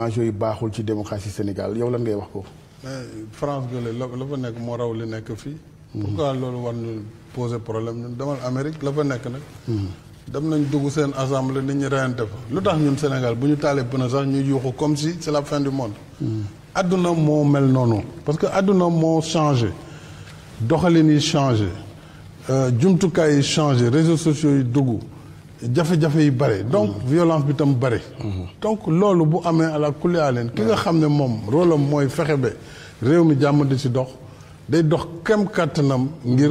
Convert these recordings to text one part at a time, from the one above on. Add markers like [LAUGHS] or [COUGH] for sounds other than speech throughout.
enjeux yu baaxul ci démocratie Sénégal yow lan ngay wax ko France gële la fa nekk moo raw li nekk fii pourquoi loolu war ñu poser problème ñun demal Amérique la fa nekk nag hmm. dem nañ dugg seen assemblée nit ñi reyante fa lu tax ñun Sénégal bu ñu taalee pneu sax ñu yuuxu comme si c'est la fin du monde àdduna hmm. moo mel noonu parce que àdduna moo changé doxalin yi changé euh, jumtukaay yi changé réseaux sociaux yi dugg jafe-jafe yi bare donc mm-hmm. violence bi tam bare mm-hmm. donc loolu bu amee ala kulyaa leen ki nga xam ne moom rôle am mooy fexe ba réew mi jàmm di si dox day dox kem kàttanam ngir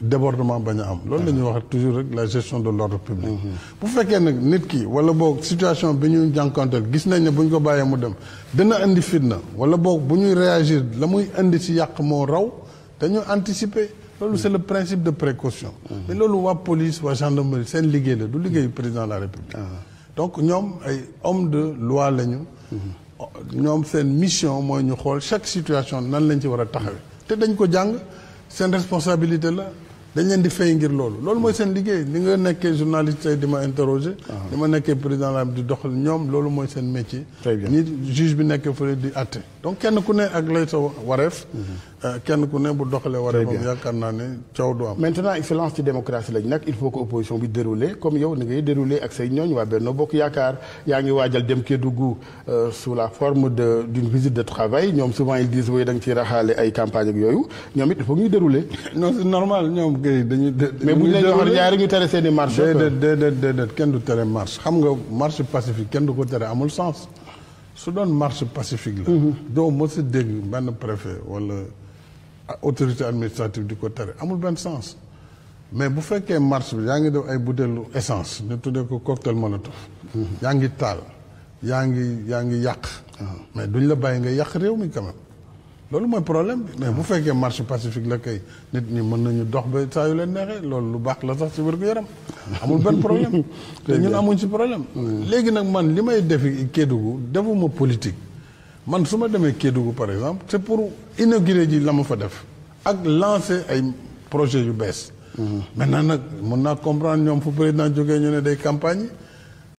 débordement bañ a am loolu la ñuy wax toujours rek la gestion de l'ordre public mm-hmm. bu fekkee nag nit ki wala boog situation bi ñuy jànkonteel gis nañ ne bu ñu ko bàyyee mu dem dina indi fitna wala boog bu ñuy réagir la muy indi si yàq moo raw dañu anticiper loolu c'est le principe de précaution mais loolu waa police waa gendarmerie seen liggéey la du liggéey président de la république ah. donc ñoom ay homme de loi lañu ñoom seen mission mooy ñu xool chaque situation nan lañ ci war a taxawee te dañ ko jàng seen responsabilité la dañ leen di fay ngir loolu loolu mooy seen liggéey li nga nekkee journaliste tey di ma interroger li ah. ma nekkee président la di doxal ñoom loolu mooy seen métier ni juge bi nekkee fële di àtte donc kenn ku ne ak lay sa wareef mhm. euh, kenn ku ne bu doxalee wareefam yaakaar naa ne coow du am maintenant excellence ci démocratie lañ nag il faut que opposition bi dérouler comme yow ni ngay dérouler ak say ñooñ waa Benno Bokk Yaakaar yaa ngi waajal dem Kédougou euh, sous la forme de d'une visite de travail ñoom souvent ils disent oui da nga ciy raxaale ay campagne ak yooyu ñoom it il faut que ñuy kay dañuy. mais bu ñu leen joxoon jaay rek ñu tere seen i marche. déedéet déedéet déedéet kenn du tere marche xam nga marche pacifique kenn du ko tere amul sens su doon marche pacifique la. Mhm. doo mos a dégg benn préfet wala autorité administrative di ko tere amul benn sens. mais bu fekkee marche bi yaa ngi def ay butéelu essence ñu tuddee ko cocktail molotov. Mhm. yaa ngi taal yaa ngi yaa ngi yàq. Ah. mais duñ la bàyyi nga yàq réew mi quand loolu mooy problème bi mais bu fekkee marche pacifique la kay nit nii mën nañu dox ba saa yu leen neexee loolu lu baax la sax ci wér-gu-yaram amul benn problème [LAUGHS] te ñun amuñ ci problème léegi nag man li may defi Kédougou defuma politique man su ma demee Kédougou par exemple c'est pour inaugurer ji la ma fa def ak lancer ay projet yu bees mm-hmm. maintenant nag mën naa comprendre ñoom fu naa jógee ñu ne day campagne